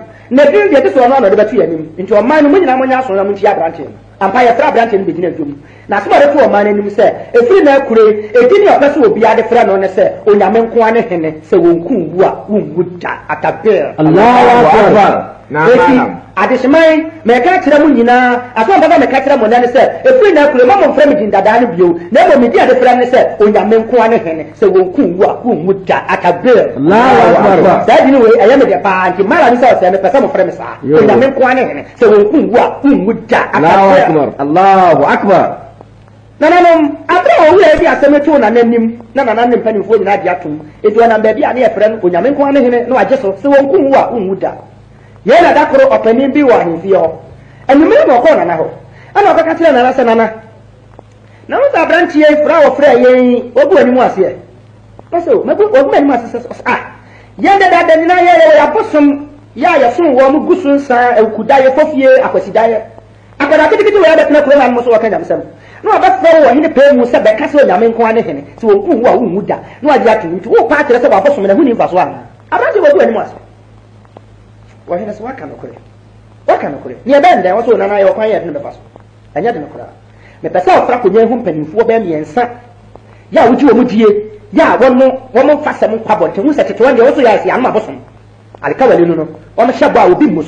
na din deɛ ɛde so ɔno na ɔde bɛto yɛ anim nti ɔman no mo nyinaa mo nyɛ aso na mo ntia na asɛm a ɛde to sɛ efiri na ekure edi ne ɔbɛ sɛ obi ade fira no ne sɛ onyame nko ane hene sɛ wɔn kun wu a wɔn wu da atabir. alaawa akbar eti adehyemai mɛka kyerɛ mu nyinaa asɛm mɛka kyerɛ mu nane sɛ efiri na ekure mɔmɔ nfura mi di ndadaa no bio na mmom medi ade fira ne sɛ onyame nko ane hene sɛ wɔn kun wu a wɔn wu da atabir. alaawa akbar saa di ni wei ɛyɛ mi de paa nti mara mi sɛ ɔsɛ mi pɛ mo fira mi saa onyame nko ane hene sɛ wɔn kun wu a wɔn wu da atabir. alaawa akbar akbar nananom abere a ɔwura bi asɛm etu ɔnana anim na nana ne mpanimfoɔ nyinaa de atom etu ɔnam baabi a ne yɛfrɛ no onyame nko ne hene na wagye so sɛ wɔn kun wu a da yɛn na dakoro ɔpanin bi wɔ ahemfie hɔ enumere na ɔkɔɔ nana hɔ ɛna ɔbɛka kyerɛ nana sɛ nana na wɔn sɛ aberanteɛ fura wɔfrɛ yɛn ogu anim aseɛ ɔsɛ mɛgu ogu anim ah. aseɛ sɛ a yɛn dada da nyinaa yɛ yɛ abosom yɛ a yɛsom wɔn mu gu so nsa ekuda yɛ kɔfie akwasidaeɛ akwadaa kitikiti wɔ yɛ bɛtena kurom anum so wɔka nyamsɛm na ɔbɛfrɛ wo ɔhene pɛɛ mu sɛ bɛka sɛ onyame nko ane hene sɛ wɔnku wo a wonwu da na wade ato wo nti wopaa kyerɛ sɛ wɔabɔsome no ho ni mfa so ana abrante wɔdu anim aso ɔhene sɛ woaka nokorɛ woaka nokorɛ neɛ bɛɛ ndɛn wɔ sɛ onana yɛ ɔkwan yɛ ɛde no bɛfa so ɛnyɛ de no koraa mepɛ sɛ ɔfra akonnwa ho mpanimfoɔ bɛɛ mmiɛnsa yɛ a wogye wɔ mu die yɛ a wɔno wɔmo mfa sɛm nkɔ abɔnten hu sɛ tete wɔn deɛ wɔ so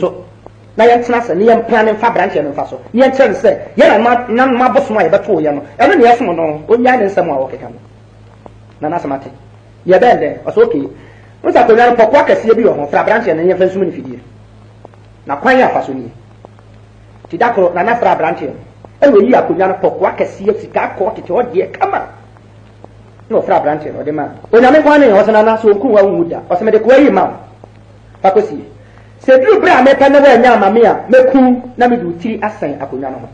so na yɛntena sɛ ne yɛmpra ne mfa aberanteɛ no mfa so yɛnkyerɛ no sɛ yɛna na ma a yɛbɛtoo yɛ no ɛno ne yɛsom no ɔnyaa ne nsɛm a wɔkeka no na nasɛm ate yɛbɛn dɛ ɔsɛ okay wo sɛ akonnwa no pɔkoa kɛseɛ bi wɔ ho fra aberanteɛ no yɛmfa nsum no fidie na kwan yɛ afa so nie nti da koro nana fra aberanteɛ no ɛwɔ yi akonnwa no pɔkoa kɛseɛ sika akɔ tete ɔdeɛ kama na ɔfra aberanteɛ no ɔde ma onyame kwan ne ɔsɛ nana so ɔnkum wa wo mu da ɔsɛ mede koa yi ma wo sɛ duru bere a mepɛ ne wɔnyɛ amame a mekum na mede wotiri asɛn akonnwa no ho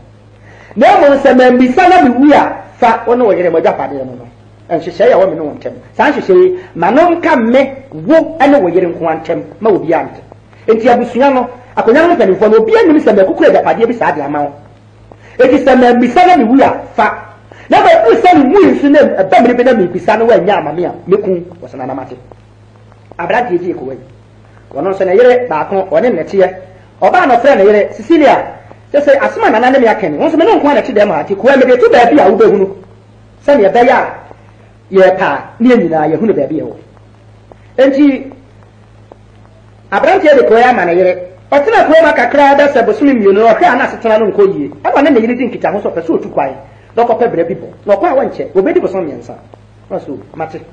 na mmom sɛ mambisa na mewu a fa wo ne wɔyere mo agyapadeɛ no no nhyehyɛ yɛ wɔ me ne wo ntɛm saa nhyehyɛ ma no nka me wo ne wo yere nko antɛm ma obiaa nte enti abusua no akonnwa no mpanimfoɔ no obiaa nim sɛ maakokura agyapadeɛ bi saa de ama wo enti sɛ mambisa na mewu a fa na maɛbu sɛ me mui ne, na ɛbɛmene bi na mebisa no woanyɛ amame a mekum wɔ so nanamate aberanteɛ gyee kɔwa ɔno nso ne yere baako ɔne nnɛteɛ ɔbaa na ɔfrɛ na yere cecilia sɛ sɛ asoma nana ne mea kɛne wo nso mene nko anakyi dɛm ate koa mede to baabi a wobɛhunu sɛneɛ ɛbɛyɛ a yɛpaa ne nyinaa yɛhunu baabi yɛwɔ enti aberanteɛ de koa ama ne yere ɔtena kurom akakra bɛ sɛ bosome mmienu ɔhwɛ a na asetena no nkɔ yie ɛna ne ne yere di nkitaho sɛ ɔpɛ sɛ ɔtu kwan na ɔkɔpɛ berɛ bi bɔ na ɔkɔ a wɔnkyɛ wɔbɛdi mmiɛnsa na sɛ mate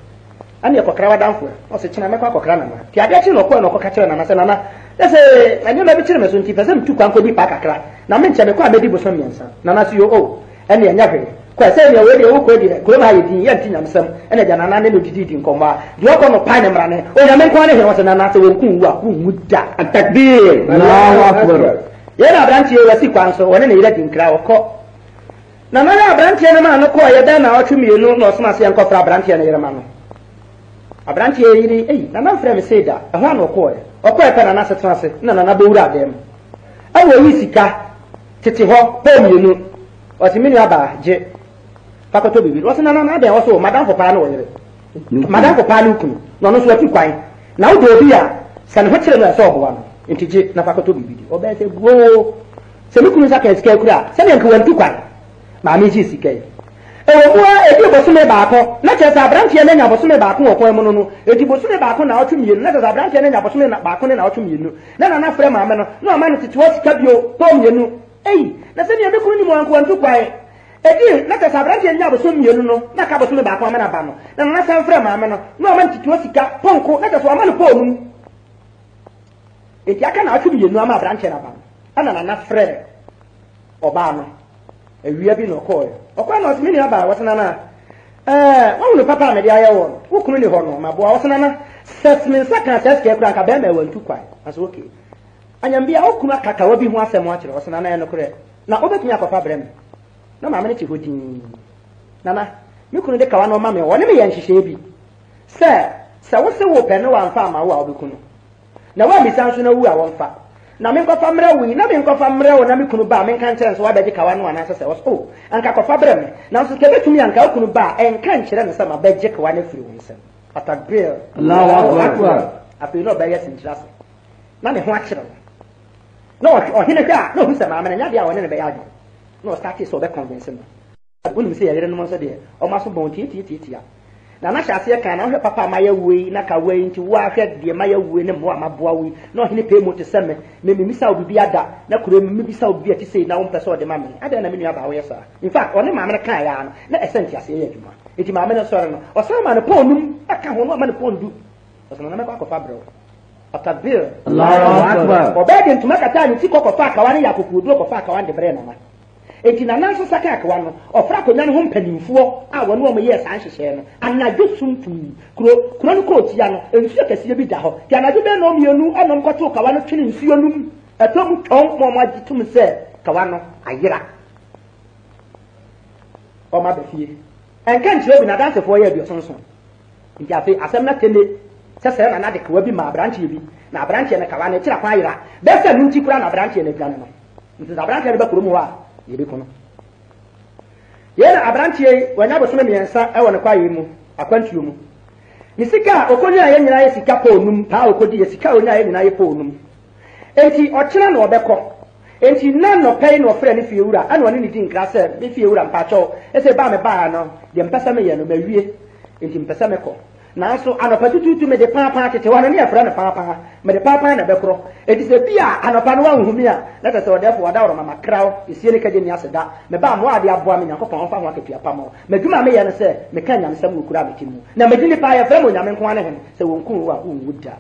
ana yɛ kɔkra wadamfo ɔsɛ kyena mɛkɔ akɔkra nana nti adeɛ kyere na ɔkɔɛ na ɔkɔka kyerɛ nana sɛ nana ɛsɛ ɛne na bi kyerɛ me so nti pɛ sɛ metu kwan kɔdi paa kakra na menkyɛ mekɔ a bɛdi bosom mmiɛnsa nana so yo o ɛne ɛnyɛ hwee kɔ sɛ nea wɔdi ɛwo kɔ deɛ kurom ha yɛ din yɛnti nyamesɛm ɛne deɛ nana ne no didi di nkɔmmɔ a deɛ ɔkɔ no pae ne mmara ne onyame nkɔn ne hwɛ wɔ sɛ nana sɛ wɔnku wu a wonwu da atakbir yɛn na aberanteɛ wɔasi kwan so wɔne ne yerɛ di nkra wɔkɔ nana ne aberanteɛ no ma no kɔɔ yɛdɛn na ɔtwe mmienu na ɔsom ase yɛnkɔfra aberanteɛ no yerema no aberanteɛ yi ni eyi nana mfrɛ me sei da ɛhɔ ana ɔkɔɔɛ ɔkɔɛ pɛ nana asetena ase na nana bɛwura dan mu ɛwɔ yi sika tete hɔ pɛ mmienu ɔsi mi nua baa gye pakɔtɔ bibiri ɔsi nana na abɛn ɔso madam kɔpaa no ɔyere madam kɔpaa no kunu na ɔno nso ɔti kwan na ɔdi obi a sani hɔ kyerɛ no ɛsɛ ɔboa no nti gye na pakɔtɔ bibiri ɔbɛn sɛ guo sɛ ne kunu nsa kɛn sika ekura sɛdeɛ nkewa ntu kwan maame gye sika yi ɛwɔ mu a ɛdi bosome baako na kyerɛ sɛ aberanteɛ no anya bosome baako wɔ kwan mu no no ɛdi bosome baako na ɔtwe mmienu na kyerɛ sɛ aberanteɛ no anya bosome baako ne na ɔtwe mmienu na nana frɛ maame no na ɔma no tete hɔ sika bio mmienu eyi na sɛdeɛ mekuru ne mu kwae na kyerɛ sɛ aberanteɛ nya mmienu na ka bosome baako ama na nana san frɛ maame no ama aberanteɛ no ɛna nana frɛ awia bi na ɔkɔɔɛ ɔkɔɛ na ɔtumi nua baa wɔtena eh, no a ɛɛ wɔn papa a mɛde ayɛ wɔ no wokunu ne hɔ no maboa wɔtena no sɛs nsa kan sɛ sikɛ kura nka bɛrima ɛwɔ ntu kwae aso oke anyambia okunu akakawa bi ho asɛm akyerɛ wɔtena no ɛyɛ no korɛ na ɔbɛtumi akɔfa brɛ me na maame no te hɔ dinn nana me kunu de kawa na ɔma me ɔne me yɛ nhyehyɛe bi sɛ sɛ wosɛ wo pɛ ne wamfa ama wo a wobɛkunu na woabisa nso na wu a wɔmfa na me nkɔfa mmerɛ wo yi na me nkɔfa mmerɛ wo na me kunu ba me nka nkyerɛ nso wabɛgye kawa no anaasɛ sɛ wɔsɛ o oh, anka kɔfa brɛ me nanso sɛ bɛtumi anka wo kunu ba ɛnka nkyerɛ ne sɛ ma bɛgye kawa no afiri wo nsɛm atakbir afei na ɔbɛyɛ senkyerɛ se na ne ho akyerɛ no na ɔhene hwɛ a na ɔhu sɛ maame no nyadeɛ a wɔne ne bɛyɛ adwene na ɔstate sɛ ɔbɛkɔnvɛnse no wonim sɛ yɛyere nom nso deɛ ɔma so bɔn tiatiatiatia na na kan na wohwɛ papa ma yɛ wei na ka wei nti wo ahwɛ deɛ ma yɛ wei ne mmoa maboa wei na ɔhene pɛ mu te sɛ me mememisa wo biribi ada na kuro mu mebisa wo biribi a ti sei na wompɛ sɛ ɔde ma me adɛn na me nua baa woyɛ saa in fact ɔne maame no kaa yɛa no na ɛsɛ nteaseɛ yɛ adwuma nti maame no sɔre no ɔsan ma no pɔn num ɛka ho no ɔma no pɔn du ɔsɛ na mɛkɔ akɔfa berɛ wo ɔbɛɛ de ntoma kataa ne ti kɔkɔfa akawa ne yɛ akokooduro kɔfa akawa ne de berɛ nana eti na nanso saka akawa no ɔfra akonnwa no ho a wɔn wɔn yɛ saa nhyehyɛɛ no anadwo suntum kuro kuro no kuro tia no nsuo kɛseɛ bi da hɔ te anadwo bɛn na mmienu ɛna nkɔto kawa no twene nsuo no mu ɛtɔ mu twɔn ma ɔmo agye tum sɛ kawa no ayera ɔmo aba fie ɛnka nkyerɛ bi na dansefoɔ yɛ aduosonson nti afei asɛm na tene sɛ na na de kawa bi ma aberanteɛ bi na aberanteɛ no kawa no ɛkyerɛ akɔ ayera bɛsɛ no kura na aberanteɛ no agyina no nti sɛ aberanteɛ no bɛ kurom hɔ yɛbɛku no yɛn na aberanteɛ yi wanya bosome mmiɛnsa wɔ ne kwaeɛ mu akwantuo mu ne sika a ɔkɔnyi a yɛn nyinaa yɛ sika pɔɔ num paa ɔkɔdi yɛ sika ɔnyi a yɛn nyinaa yɛ na num eti ɔkyerɛ na ɔbɛkɔ eti na nnɔpɛ yi na ɔfrɛ ne fie wura ɛna ɔne ne di nkira sɛ ne fie wura mpakyɛw ɛsɛ baa mi baa no deɛ mpɛsɛ mi yɛ no mɛ wie eti mpɛsɛ mi kɔ nanso anɔpa tutuutu mede paapaa tete hɔ no ne yɛfrɛ no paapaa mede paapaa na bɛkorɔ ɛti sɛ bi a anɔpa no wanhumi a na kyɛ sɛ ɔdɛfo wada worɔ mama ɛsie ne kagye ne ase da mebaa mo ade aboa me nyankopɔn ɔmfa ho akatua pa ma madwuma a meyɛ no sɛ meka nyamesɛm no kura meti mu na magye nipa yɛfrɛ ma onyame nkoa ne hene sɛ wɔnkum wo a wonwu da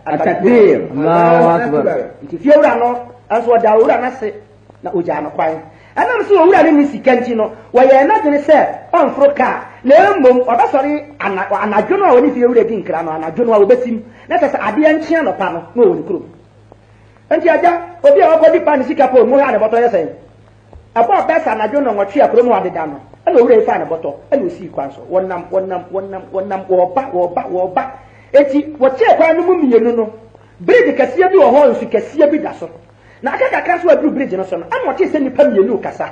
nti fie wura no ɛnso ɔda wura no ase na ogyaa no kwan ɛnam so owura ne ne sika nti no wɔyɛ n'adwene sɛ ɔnforo kaa na mmom ɔbɛsɔre anadwo no a wɔne fie wura di nkira no anadwo no a wɔbɛsim na kyɛ sɛ adeɛ nkyea nɔpa no na ɔwɔ ne kurom nti agya obi a wɔkɔ di pa ne sika pɔn mu hɔ a ne bɔtɔ yɛ sɛn ɛbɔ ɔbɛsa anadwo no wɔtwe a kurom hɔ adeda no ɛna owura yi fa ne bɔtɔ ɛna osii kwan so wɔnam wɔnam wɔnam wɔnam wɔɔba wɔɔba wɔɔba eti wɔkyɛɛ kwan no mu mmienu no bridge kɛseɛ bi wɔ hɔ nsu kɛseɛ bi da so na aka kakra nso aduru bridge no so no ama ɔte sɛ nnipa mmienu kasa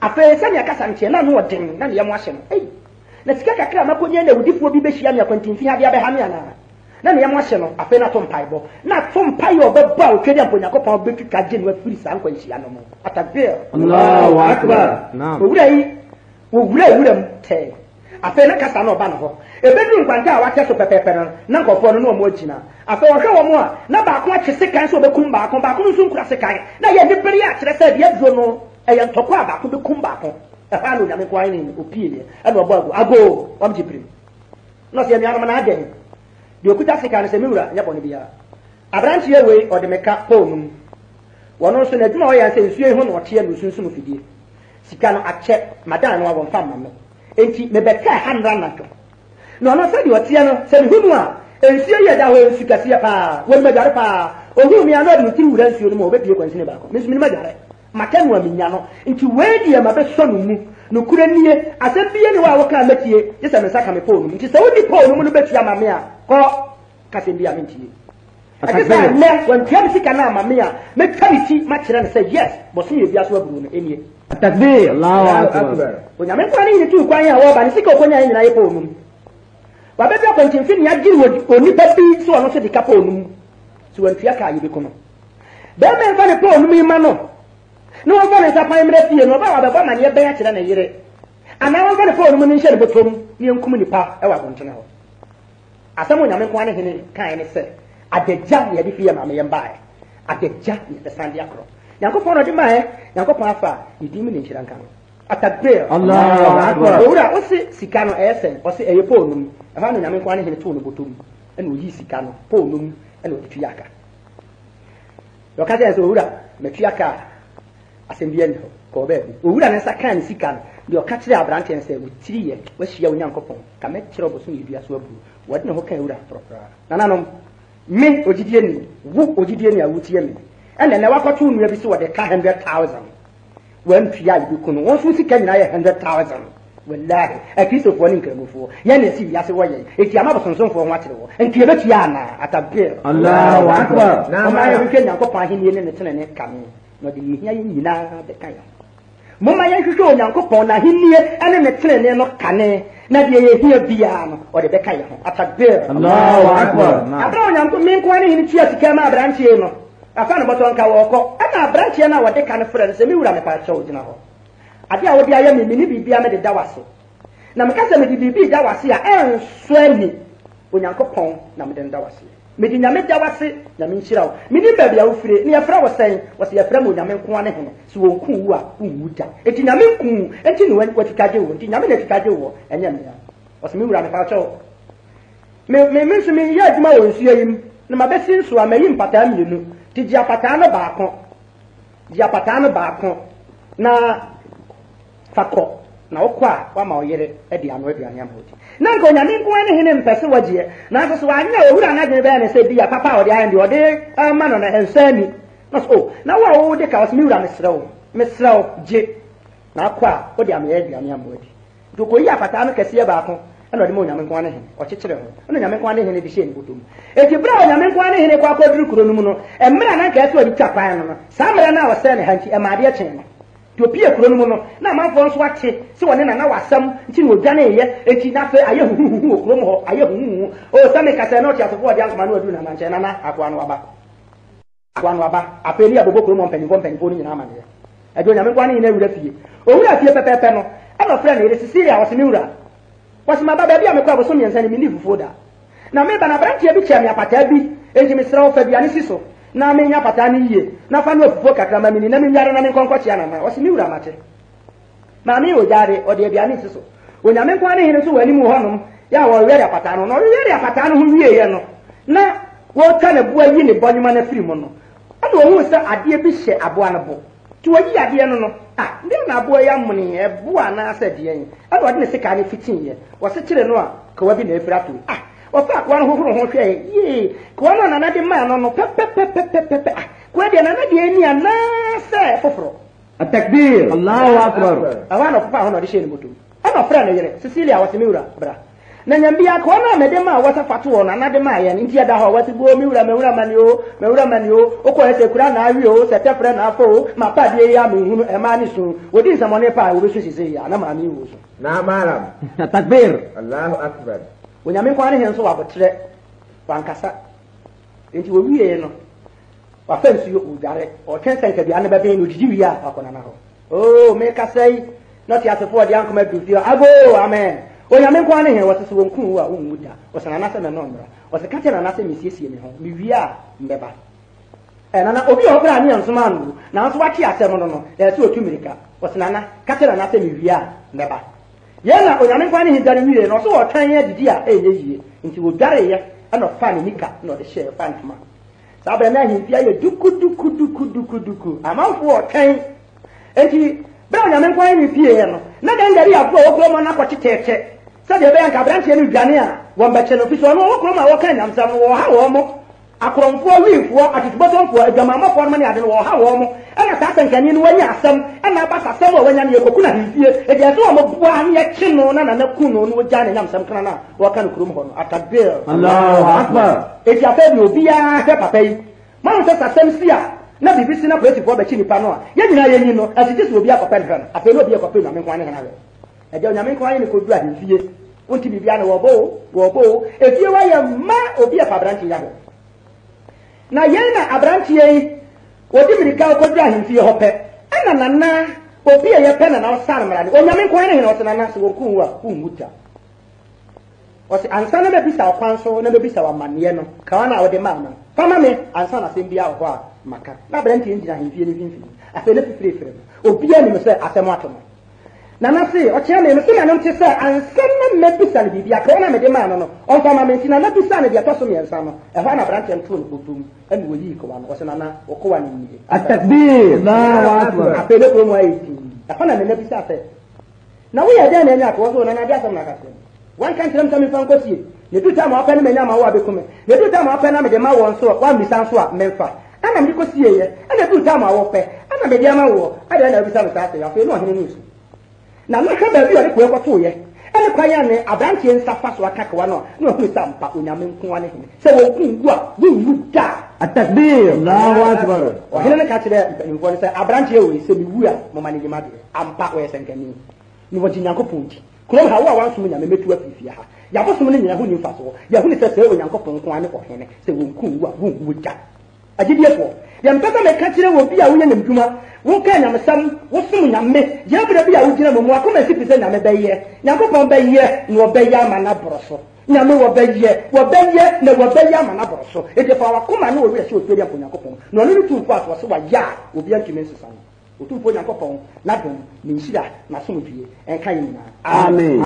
afei sɛnea kasa nkyɛn na ano ɔden na ne yam ahyɛ no ei na sika kakra a makɔnya na awudifoɔ bi bɛhyia me akwantimfini adeɛ abɛha me anaa na ne yam ahyɛ no afei na ato mpaebɔ na ato mpae a ɔbɛba a ɔtwa de ampa onyankopɔn bɛtwitwa gye no afiri saa nkwanhyia no mu atabir owura yi wɔwura wura mu tɛɛ afei na kasa no ɔba ne hɔ ebedu nkwankyɛ a wakyɛ so pɛpɛɛpɛ no na nkɔfoɔ no na wɔn agyina afɛ wɔhwɛ wɔn a na baako akye sekan so obekum baako baako nso nkura sekan na yɛ ne bere akyerɛ sɛ deɛ duro no ɛyɛ ntɔkwa a baako bekum baako ɛhɔ ano nyame kwan ne opie deɛ ɛna ɔbɔ ago ago wɔn gye pirim na ɔsɛ nnuanom na adɛn deɛ okuta sekan no sɛ mi wura nyɛ bɔne biara aberanteɛ wei ɔde meka pole no wɔn nso na adwuma ɔyɛ sɛ nsuo yi na ɔteɛ no sunsun fidie sika no akyɛ madan no a wɔn fa ma me nti mebɛka na dwom na ɔno sɛdeɛ ɔteɛ no sɛ mehu no a nsuo yɛ da hɔ nsu kɛseɛ paa wɔn mu adware paa ohun mi ano ɔde ne tiri wura nsuo no mu a ɔbɛpie kwansin baako mesu mi no adware maka no amenya no nti wei deɛ ma bɛsɔ no mu nokura nie asɛm bie ne wɔ a wɔka mɛtie gye sɛ me nsa ka me pɔw no mu nti sɛ wodi pɔw no mu no bɛtua ma me a kɔ kasɛm bi a mentie ɛte sɛ wɔntua me sika no ama me a mɛtwa me ti makyerɛ no sɛ yes bɔsom yɛ bia so aburo no ɛnie onyame nkwa no nyine tuu kwan a wɔba ne sika ɔkɔnya yɛ nyinaa yɛ pɔw no mu wabɛsi akɔntinfin ni agyiri onipa bi so ɔno hyɛ dika pɔɔ num so wantua kaa yɛ bi kɔnɔ bɛrima nfa ne pɔɔ num yi ma no na wɔn fa ne nsa pan mmerɛ fie no ɔbaa wabɛbɔ amaneɛ bɛn akyerɛ ne yere anaa wɔn fa ne pɔɔ num no nhyɛ ne bɔtɔ mu na yɛn kum nipa ɛwɔ akɔntene hɔ asɛm onyame nko ane hene kan ne sɛ adagya na yɛde fi yɛ maame yɛn baeɛ adagya na yɛde san de akorɔ nyankopɔn na ɔde maeɛ nyankopɔn afa ne din mu ne nhyira nka no atakbir Allahu akbar owura ɔsi sika no ɛyɛ sɛn ɔsi ɛyɛ pole nom ɛfa no nyame kwan ne hene too no bɔtɔ mu ɛna oyi sika no pole nom ɛna ɔde tuya aka yɔka kyerɛ sɛ owura mɛtua aka asɛm bi ɛni hɔ kɔɔ bɛɛ bi owura ne nsa kaa ne sika no deɛ ɔka kyerɛ aberanteɛ sɛ wotiri yɛ wahyia wo nyankopɔn ka mɛkyerɛ ɔbɔ ne yɛdua so aburu wɔde ne ho kaa owura prɔprɔra nananom me ogyidie ni wo ogyidie ni a wotie me ɛna ɛnɛ wakɔto nnua bi so wɔde ka hundred thousand wɔampia ayi bi ko no wɔn nso sika nyinaa yɛ hundred thousand walahi akristofoɔ ne nkramofoɔ yɛne ɛsi wiase wɔyɛ ɛti ama bosonsomfoɔ ho akyerɛ wɔ nti yɛbɛtua anaa atabeɛ ɔma yɛhwehwɛ nyankopɔn ahenniɛ ne ne tenene kame na ɔde yɛhia yɛ nyinaa bɛka yɛ moma yɛhwehwɛ onyankopɔn na ahenniɛ ne ne tenene no kane na deɛ yɛhia biara no ɔde bɛka yɛ ho atabeɛ abrɛ onyankopɔn menkoa ne hene tua sika ma aberanteɛ no afa ne bɔtɔ nka wɔkɔ ɛna aberanteɛ no a wɔde ka no frɛ no sɛ me wura mepa kyɛw gyina hɔ adeɛ a wode ayɛ me mene biribia mede da wase na meka sɛ mede biribi da wase a ɛnso ani onyankopɔn na mede nda wase mede nyame da wase na menhyira wo mene baabi a wofire ne yɛfrɛ wo sɛn wɔ sɛ yɛfrɛ ma onyame nkoa ne hene sɛ wɔnku wu a wonwu da ɛnti nyame nku ɛnti ne watikagye wo nti nyame na atikagye wɔ ɛnyɛ mmea ɔsɛ me wura mepa kyɛw me me nso meyɛ adwuma wɔ nsuo yi mu na mabɛsi nso a mayi mpataa mmienu nti gyeapataa no baako gyeapataa no baako na fakɔ na wokɔ a wama ɔyere e de ano e aduane ama ɔdi na nka onyame nko ne hene mpɛ sɛ wagyeɛ nanso so wanyɛ owura no adwene bɛyɛ ne sɛ ya papa a ɔde ayɛ deɛ ɔde ama no na ɛnsa ni na so o na wo a wowo de ka wo sɛ mewura meserɛ wo meserɛ wo gye na akɔ a wode amayɛ aduane ama ɔdi nti okɔyi apataa no kɛseɛ baako ɛna ɔde ma onyame nko anehene ɔkyekyere ho ɛna onyame nko anehene de hyɛ ne bɔtɔ mu eti bere a onyame nko anehene kɔ akɔduru kuro no mu no mmerɛ na nka ɛsɛ ɔde twa kwan no no saa mmerɛ no a ɔsɛn ne ha ɛma adeɛ kyɛn no nti opi ekuro no mu no na amanfoɔ nso ate sɛ wɔne nana wasɛm nti na odwa ne yɛ eti n'afɛ ayɛ huhuhuhu wɔ kurom hɔ ayɛ huhuhu o sɛmi kasa na ɔte asofo ɔde asoma na ɔduru na amankyɛn nana akoa no aba akoa no aba apɛni abobo kurom hɔ mpanyinfoɔ mpanyinfoɔ no nyinaa ama ne yɛ ɛdi onyame nko anehene awura fie owura fie pɛpɛɛpɛ no ɛna ɔfrɛ ne yere sisi yɛ awɔsi ne wura wɔsi ma ba baabi a mi kɔ abosom mmiɛnsa ni mi ni fufuo da na mi ba na aberanteɛ bi kyɛn mi apataa bi eti mi srɛ ɔfɛ bi ani si so na mi nya pata ni yie na fa no fufuo kakrama mi ni na mi nyare na mi nkɔnkɔ kyea na ma wɔsi mi wura ma te maame yɛ ogyaare ɔde aduane si so onyame nko ane hene nso wɔ anim hɔnom yɛ a wɔwɛre apataa no na ɔwɛre apataa no ho wie yɛ no na wɔka ne boa yi ne bɔnyuma no afiri mu no ɛna wɔn sɛ adeɛ bi hyɛ aboa no bo nti wayi adeɛ no no a ne na aboa yi amene ɛbo anaasɛ deɛ yi ɛna wɔde ne sika ne fitiiɛ wɔse kyerɛ no a kawa bi na afiri ato a wɔfa akoa no hohoro ho hwɛɛ yee kawa no nana de maa no no pɛpɛpɛpɛpɛpɛ a kawa deɛ nana deɛ ani anaasɛ foforɔ atakbir allahu akbar awa na ɔfofa ho na ɔde hyɛ ne motom ɛna ɔfrɛ no yere cecilia wɔse me wura bra na nyambia ka ọ na-amede ma wata fatu ọ na anadị ma ya ndị ada ha wata gbuo mewura mewura mani o mewura mani o okwu ese kura na ari o sete fere na afọ o ma pa die ya e ma ihunu ema ni so wodi nsamo ne pa obesu sise ya na ma mi wo so na maram *laughs* takbir allahu akbar onyame kwa ne henso wabotre wankasa enti wo wie no wa fensu yo udare o kensen ka bia ne ba ben ojiji wi ya akọ na ho o oh, me kasai not yasefo odi ankoma bi fi ago amen onyame nko ne hɛn wɔsɛ sɛ wɔnkum wo a wonwu da wɔsɛ nana sɛ mɛnɔ mmra ka kyɛ nana mesiesie me ho mewie a mbɛba ɛnana e, obi wɔ a ne yɛnsoma nnuru nanso wakye asɛm no e, no ɛɛ sɛ wɔtu mmirika nana ka mewie a mbɛba yɛn na onyame ne wie ɔsɛ wɔtwɛn yɛ didi a ɛyɛ e, yie nti ɛna ɔfa ne nika na ɔde hyɛɛ fa ntoma saa bɛrɛ amanfoɔ bẹ́ẹ̀ onyame nkwa yi ya yɛ no na deɛ ndɛri afuo a wɔkuro mu ebe tɛɛtɛ sɛdeɛ bɛyɛ nka aberanteɛ no dwane a wɔn bɛkyɛ no fisɔ no wɔkuro mu a wɔka nyamsam no wɔha wɔn mo akorɔmfoɔ wiifoɔ atutubɔtɔmfoɔ adwamammɔfoɔ no ne ade no wɔha wɔn mo ɛna saa sɛnkani no wɔanya asɛm ɛna abasa asɛm a wɔanya no yɛkɔku na hemfie ɛdeɛ sɛ wɔn ne yɛkye no na nana ku no no gya ne nyamsam no a wɔka no kurom hɔ no ɛti bi hwɛ papa yi mahu sɛ si a na biribi si na polisifoɔ bɛkyi nipa no a yɛn nyinaa yɛ nyi no asiti si obi akɔpɛ ne hɛ no afei na obi akɔpɛ nyame nko ne hɛ no ɛgya nyame nko ayɛ ne kodura ne fie wonti biribi ano wɔ bo wɔ bo efie wa yɛ mma obi afa aberanteɛ yɛ na yɛn na aberanteɛ yi wɔde mirika kodura ne fie hɔ pɛ ɛna nana obi a yɛpɛ nana ɔsan mmerɛ no onyame nko ne hɛ no ɔte nana wa wɔn kun wu a wɔn ta ɔsi ansa na bɛbisa ɔkwan so na bɛbisa wɔ amaneɛ no kawa na ɔde maa no fama mi ansa na asɛm bi a wɔ hɔ a maka na aberanteɛ gyina ahemfie no mfimfini afei no fifirifiri no obiaa nim sɛ asɛm ato no nana se ɔkyerɛ me mesɛ nano nte sɛ ansɛm na mabisa no biribi akɛ na mede maa no no ɔmfa ma me nti na mabisa no de ɛtɔ so mmiɛnsa no ɛhɔ na aberanteɛ no too no bobom ɛne wɔyii kɔwa no ɔsɛ nana wɔkɔwa no nnie atakbir afei no kurom ayɛ tim ɛhɔ na mena bisa sɛ na woyɛ dɛn na anya akɔwɔ so wɔ nana de asɛm no akasɛ wanka nkyerɛ m sɛ memfa nkɔsie ne du tam a wɔpɛ no manya ma wo abɛkume ne du tam a wɔpɛ no mede ma wɔn so a woammisa nso a memfa ɛna mi kɔ si yɛ yɛ ɛna ebi ntaamu awɔ pɛ ɛna ama wɔ ɛna ɛna ebisa nsa asɛ afei n'ɔhene ne na n'ahwɛ baabi a ne kɔɛ kɔtoo yɛ ɛne kwan yɛ ne aberanteɛ nsa fa so aka kawa no a ne ɔhene sa mpa onyame nko ne hene sɛ wɔn kun gu a wunwu da. atakbir laawa atibaru. ɔhene ne ka kyerɛ mpanyinfoɔ no sɛ aberanteɛ wɔ yi mi wu a mo ne yɛ do ampa wɔyɛ sɛnkɛni ni wɔn ti nyankopɔn di kurom ha wo e a wansom nyame mɛtu afirifie ha yɛabɔsom no nyina ho ni mfasoɔ yɛhu ne sɛ sɛ ɔnyankopɔn nko a ne ɔhene sɛ wɔnkum wu a wɔnwu gya agyediefoɔ yɛmpɛ sɛ mɛka kyerɛ wɔ bi a woyɛ nam dwuma wokaa nyamesɛm wosom nyame gyina berɛ bi a wogyina mu mu akoma si fi sɛ nyame bɛyɛ nyankopɔn bɛyɛ na wɔbɛyɛ ama no aborɔ so nyame wɔbɛyɛ wɔbɛyɛ na wɔbɛyɛ ama no aborɔ so ɛti fa wakoma ne wɔwerɛ sɛ ɔtwadi akɔ onyankopɔn na ɔno ne tumfo atoɔ so wayɛ a obi antumi nsesa no ɔtumfo onyankopɔn n'adom ne nhyira n'asomdwie ɛnka yɛ nyinaa amen